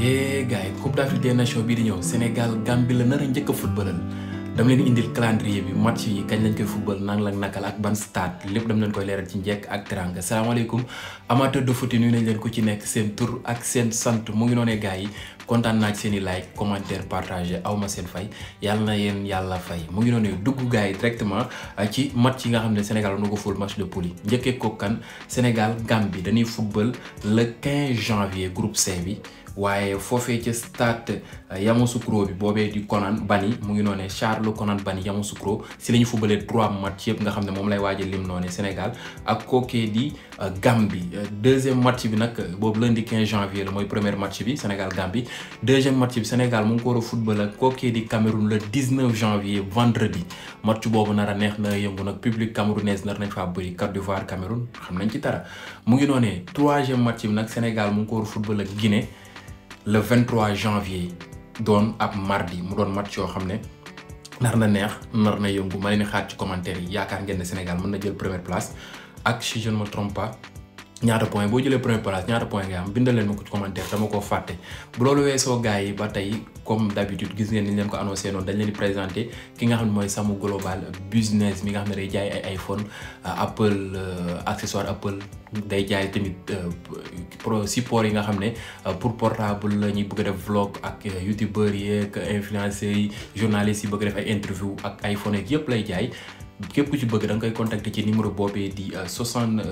hé eh, gars yi Coupe d'Afrique des Nations bii di ñëw Sénégal Gambie la nar a njëkk a footballal dama leen indil calendrier bi match yi kañ lañ koy football nang la nakal ak ban stade lépp dama leen koy leeral ci njekk ak teranga salaamaaleykum amateur de foot yi nuyu leen ku ci nekk seen tur ak seen sant mu ngi noonee gars yi kontaan naa ci seen i like commentaire partagé aw ma seen fay yàlla na yéen yàlla fay mu ngi noonee dugg gars yi ak ah, ci match yi nga xam ne Sénégal nu ko ful match de poule yi njëkkee ko kan Sénégal dañuy football le 15 janvier groupe C bi. waaye foofee ca stade eh, Yamoussoukro bi boobee di Konan Bani mu ngi noonee Charles Konan Bani Yamoussoukro si la ñu fubalee trois match yëpp nga xam ne moom lay waaj a lim noonee Sénégal ak kookee di eh, Gambie eh, deuxième match bi nag boobu lundi 15 janvier la mooy premier match bi Sénégal Gambie deuxième match bi Sénégal mu ngi ko war a football ak kookee di Cameroun le 19 janvier vendredi match boobu nar a neex na yëngu nag public camerounaise nar nañ faa bëri Côte d'Ivoire Cameroun xam nañ ci dara mu ngi noonee troisième match bi nag Sénégal mu ngi ko war a football le 23 janvier doon ab mardi mu doon match yoo xam ne nar na neex nar na yëngu man leen xaar ci commentaire yi yaakaar ngeen ne Sénégal mën na jël première place ak si je ne me ñaata point boo jëlee premier place ñaata point nga am bindal leen ma ko ci commentaire dama koo fàtte bu loolu weesoo gars yi ba tey comme d'habitude gis ngeen ni leen ko annoncé noonu dañ leen di présenté ki nga xam ne mooy Samu Global Business mi nga xam ne day jaay ay iPhone euh, Apple euh, accessoire Apple day jaay tamit euh, pro support yi nga xam ne pour portable la ñuy bëgg a def vlog ak youtubeurs yeeg influenceurs yi journalistes yi bëgg def ay interview ak iPhone yeeg yëpp lay jaay. képp ku ci bëgg da nga koy contacter ci numéro boobee di 78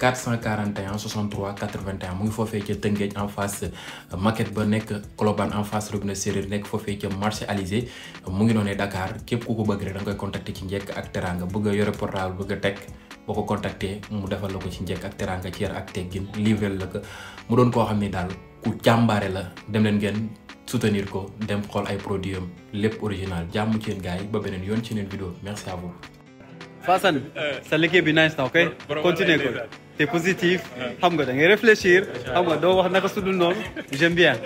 441 63 81 mu ngi foofee ca Tëngéej en face euh, maquette ba nekk Colobane en face robinet Séréer nekk foofee ca marché Alizé mu ngi noonee Dakar képp ku ko bëgg rek da nga koy contacter ci njekk ak teraanga bëgg a yore portable bëgg a teg boo ko contacter mu defal la ko ci njekk ak teraanga ci yar ak teggin livrel la ko mu doon koo xam ni daal ku jàmbaare la dem leen soutenir ko dem xool ay produit am lépp original jàmm ci yéen gars yi ba beneen yoon ci neen vidéo merci à vous. Fassane sa liggéey bi nice na ok continue ko te positif xam nga da ngay réfléchir xam nga doo wax naka su dul noonu j'aime bien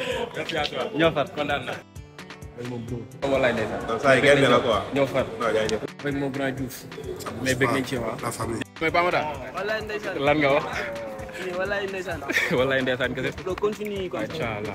ñoo far. walaay ndeysaan. saa yi gerte la quoi. ñoo far. rek moo grand Diouf. mais bëgg nañ ci waaw. mais Pamada lan nga wax. Eh, wallaay ndeysaan wallaay ndeysaan kese do continue quoi inshallah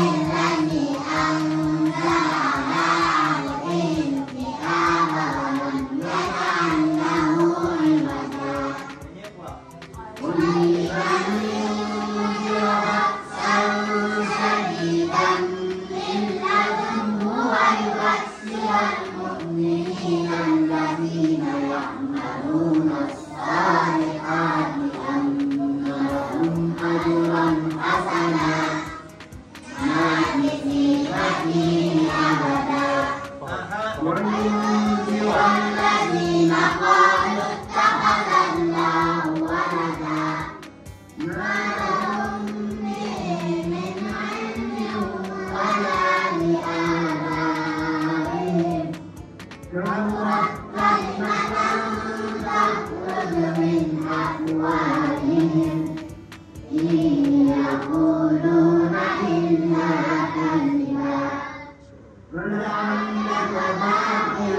لعلك باخع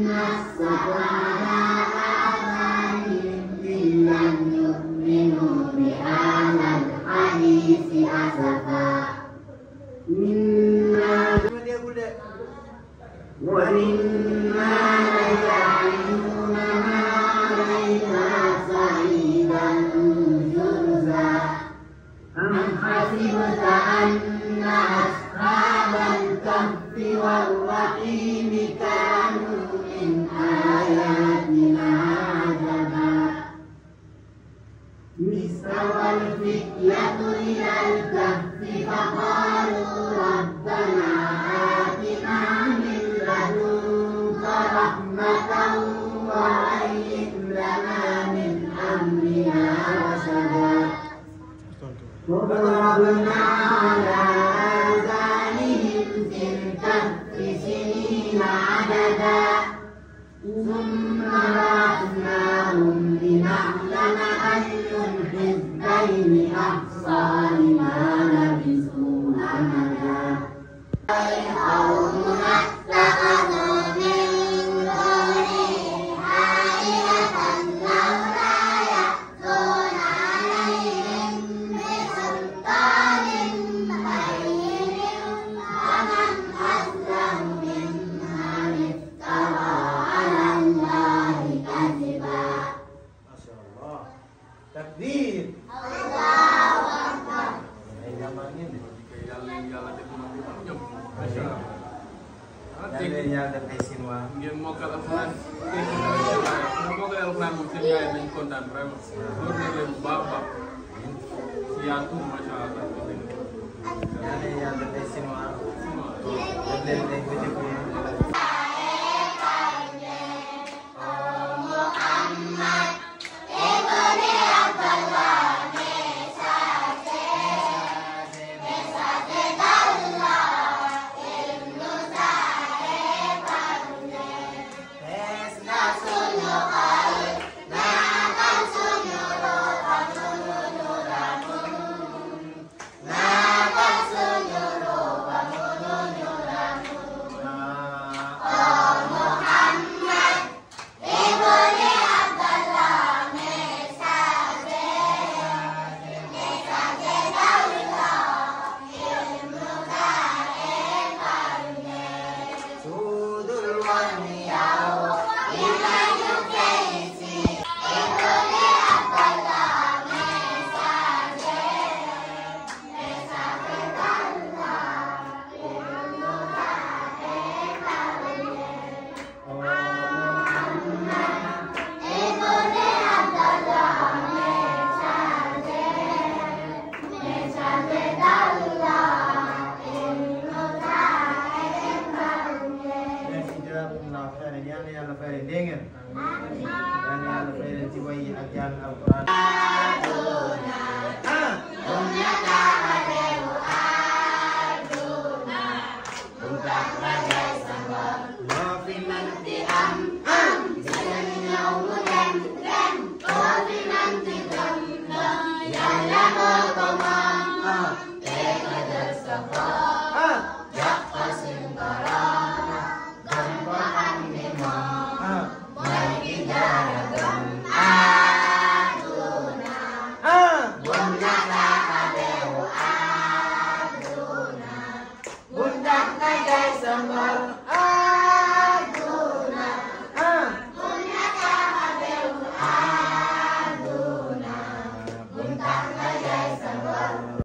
نفسك على آثارهم إن لم يؤمنوا بهذا الحديث أسفا منا ومما لك رحمة وهيئ لنا من أمرنا رشدا واضربنا على آذانهم في الكهف سنين عددا ثم naa moom seen yaay nañ kontaan vraiment. loolu la leen bu baax baax. si yaa tuur macha allah. yaa ngi leen yàlla def ay ciment. def leen ay ak jàng alquran Bye.